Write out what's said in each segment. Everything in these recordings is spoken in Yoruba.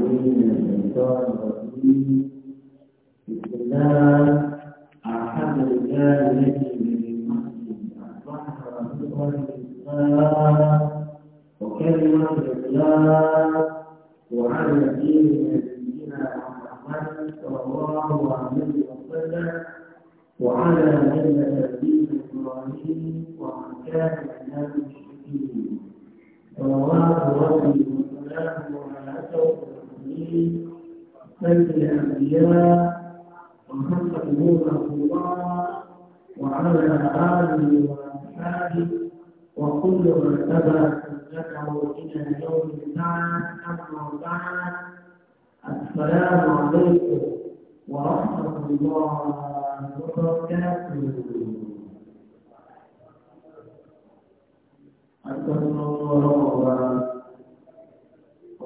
من الشيطان بسم الله الحمد لله وعلى دين نبينا محمد صلى الله عليه وسلم وعلى ملة إبراهيم ومن كان من المشركين صلوات ربي وسلامه على أشرف المسلمين سيد الأنبياء وخلق الله وعلى آله وأصحابه وكل من تبع سنته إلى يوم البعث أما بعد السلام عليكم ورحمة الله وبركاته أسأل الله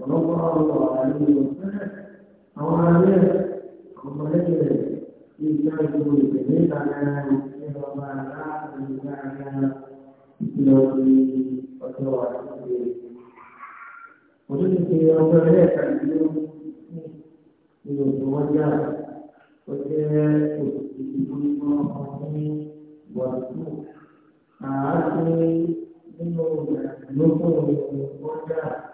صلى الله عليه وسلم أو عليه أو عليه في كتابه الجميل على كتاب الله تعالى في وتوعده وجدت في يوم ذلك اليوم يوم توجه وجاء وأعطني منه نصر وجاء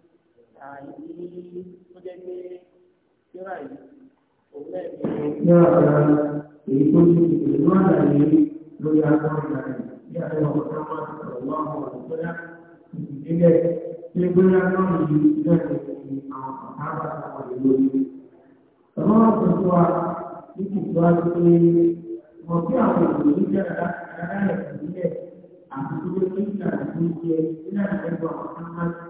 àìní tó jẹ́ pé kíra yìí òun náà ní. kíra èyí tó ti ìlú àlàyé lórí agbọ́n ìlànà ní àlẹ́ ọ̀pọ̀ máa ń sọ̀rọ̀ wá àwọn àgbẹ̀yà ìdílé ní bóyá náà ní ìdílé ní àwọn àbá àwọn ìlú yìí. Bàbá wa sọ fún wa ní ìtìsíwájú pé mọ̀ bí àwọn ìlú yìí jẹ́ àdáyẹ̀ ìdílé àti ìdílé ní ìlànà ìdílé ní àlẹ́ ọ̀pọ̀ máa ń sọ̀rọ̀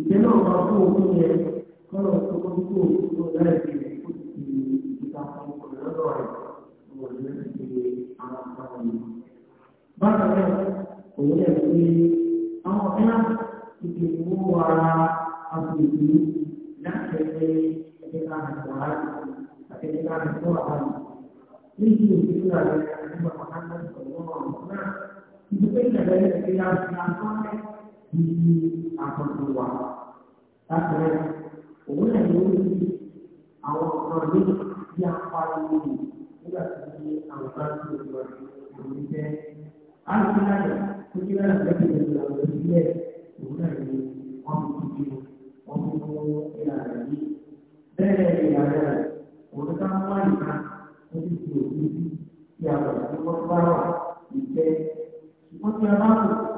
Ìjẹ́ náà máa fún ojú yẹ kọ́nà tó kọ́ tó kò tó láì fi ó ti ìta fún ọ̀rẹ́dọ̀ rẹ̀ wọ̀ ní ṣe àwọn àpáta yìí. Bákan náà, òun yẹ pé àwọn ọ̀gá ara agbègbè látẹ̀lé ẹgbẹ́ta àgbàrá àtẹ̀lé àgbàrá àbáyé. Níbi òfin tó yà lẹ́yìn àti bàbá náà sọ̀rọ̀ náà, ìdúpẹ́ ìjàgbẹ́lẹ́ ní àkókò wa látọ̀rẹ́ òun náà yóò rí àwọn ọ̀rọ̀ yìí bí apariwo yìí nígbà tí àwọn bá ti lọ sí òun jẹ́ àti láyọ̀ tó kí láyọ̀ lẹ́yìn ìlú àwọn ìbílẹ̀ òun náà ni wọ́n fi ti di wọ́n fi mú ìlànà yìí bẹ́ẹ̀ ìlànà rẹ̀ òun ká mú àyíká ó ti di òbí tí a bọ̀ sí wọ́n bá ìfẹ́ wọ́n ti a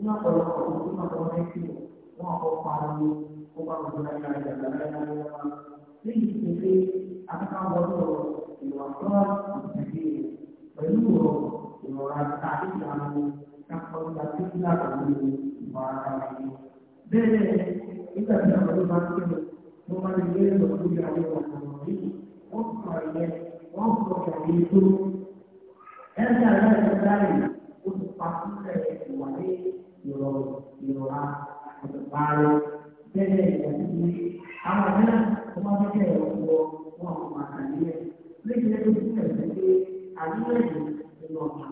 ni ọ̀pọ̀ lọ́pọ̀ tó tó máa tọ́lá ẹ̀kí o wọ́n àpọ̀ pariwo ó bá gbogbo ẹ̀yà ẹ̀yà lálẹ́ lálẹ́ wa lẹ́yìn tó pé akéka wọlé ọ̀rọ̀ ìwà tó àtẹ̀lé rẹ̀ pẹ̀lú ọ̀rọ̀ ìrọ̀rà ta ìjà wo kápọ̀ ìjà tó ti láàbò ní ìwà ara rẹ̀ ni. bẹ́ẹ̀ nígbà tí àwọn ọdún bá ti kẹ́lẹ̀ wọ́n máa lè gbé lọ sí ìyàwó ọ̀pọ̀lọpọ̀ yìí wọ́n kọ̀ ẹ̀yẹ wọ́n kọ̀ ẹ̀yẹ tó ẹ̀ lo, lo va a trovare. Bene, quindi, a già, come dicevo, può, può mantenere. Quindi, le persone, perché a livello di nostro,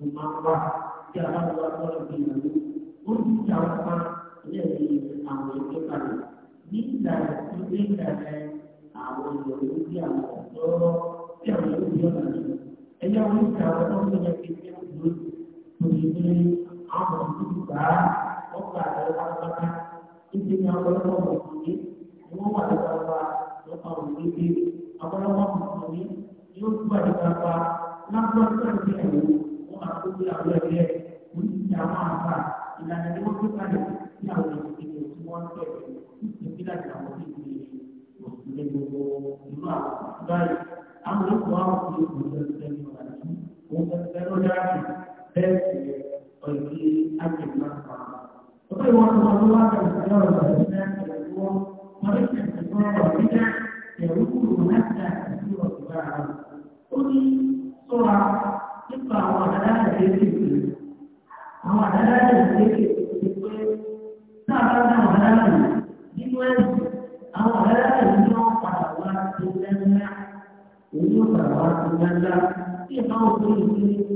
un mamma, che ha fatto la cosa di lui, un ciao, lei ha un giocatore. Vinta, si vinta, a un giocatore, a un giocatore, e a un giocatore, e a un giocatore, Yo soy de papá, no puedo estar bien, no puedo estar bien. وبدع يكون حتى تصير اتباعا قل سرعة اقرا وعلى ذلك هو على ذلك تعبنا وعلى ذلك أو على ذلك صلوات الله ويصلوات الله في قوله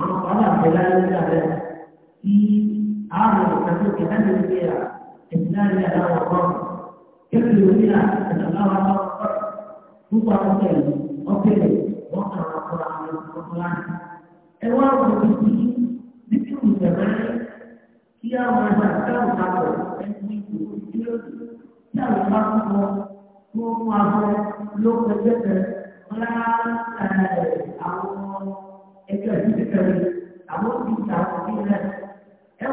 Kita ada هذه البيئة إنسان لها وقر يبدو بها أن الله لها وقر هو وكيل وكيل وقر القرآن القرآن الواقع في مثل الزمان هي ما تذكر قبل أن يكون لا يخاف هو لو تجد ولا أو إذا تذكر أو إذا تذكر ẹ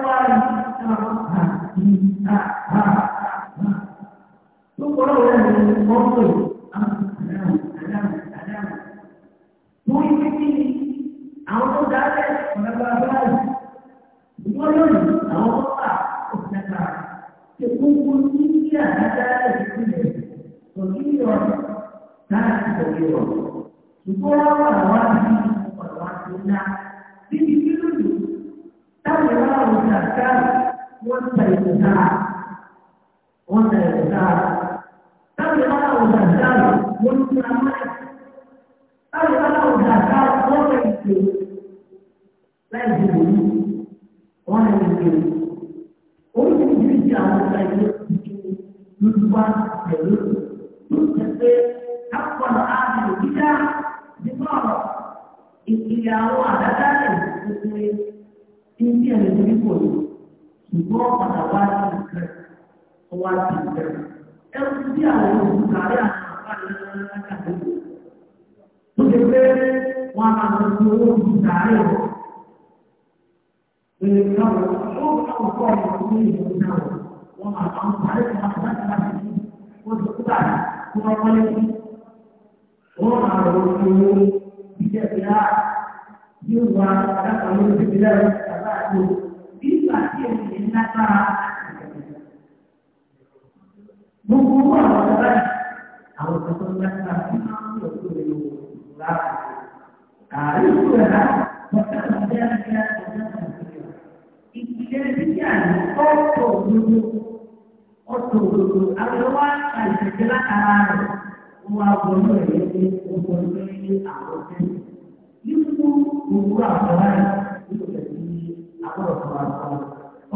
wannan ya ta kan da ana wata ta wani kuma mai kan da ana wata ta wannan ya ke zai ji wani wannan ya ke wani ya ji a wata ya ke yusufa da yusufa yusufa tabbar adal gida da bawa ìyàwó àdádálẹ̀ gbogbo ẹni tí ẹni tó ní kò ní. ṣùgbọ́n padà wá sí ọwá sí sí àwọn olùdarí àwọn àpáàlẹ́ látàkì tó ṣe pé wọ́n á máa fi owó olùdarí ọ̀ èyí káwọn yóò káwọn kọ́ ọ̀rọ̀ sí ìlú náà wọ́n máa máa ń parí kan láti láti láti wọ́n ti kí wọ́n wọlé sí wọ́n máa lọ sí owó ìjẹ́ ìlà yóò wá àbáyé. lágbára. Gbogbo owó àwọn ọ̀dọ́ báyìí, àwọn ọ̀dọ́ tó lágbára tí máa ń lò tó lè lò wá. Ààrẹ ìlú rẹ̀ rà, wọ́n fẹ́ràn ọ̀dẹ́ àti ọ̀dẹ́ àti ìpìlẹ̀ bíyà ní ọ̀pọ̀ òdodo ọ̀pọ̀ òdodo àwọn wa àìsèké látara rẹ̀ wọ́n wá wọlé ẹ̀yẹ pé ọkọ̀ ìgbẹ́ ní àwọn ọ̀sẹ̀ yìí fún òwúrọ̀ àwọn ọ̀sán àbọ̀wá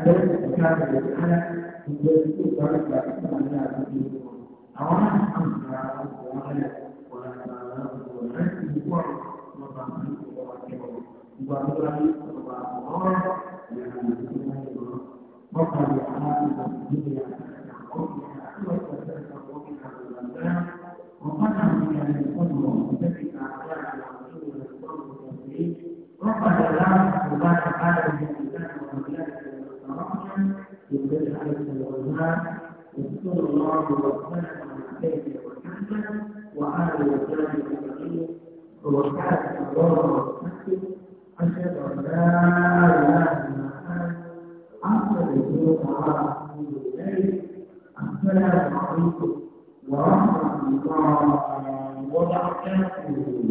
adalah sekitar dari sana hingga itu baru berarti kemana akan dihukum. Awalnya hamba boleh boleh dalam boleh dihukum membantu orang yang baru lagi kepada Allah yang mengizinkan itu. Maka dia akan dihukum yang akan dihukum. وصلى الله وسلم على سيدنا محمد وآله وصحبه أجمعين وبعد الله وبحمده أشهد أن لا إله إلا أنت أستغفرك وأتوب إليك السلام عليكم ورحمة الله وبركاته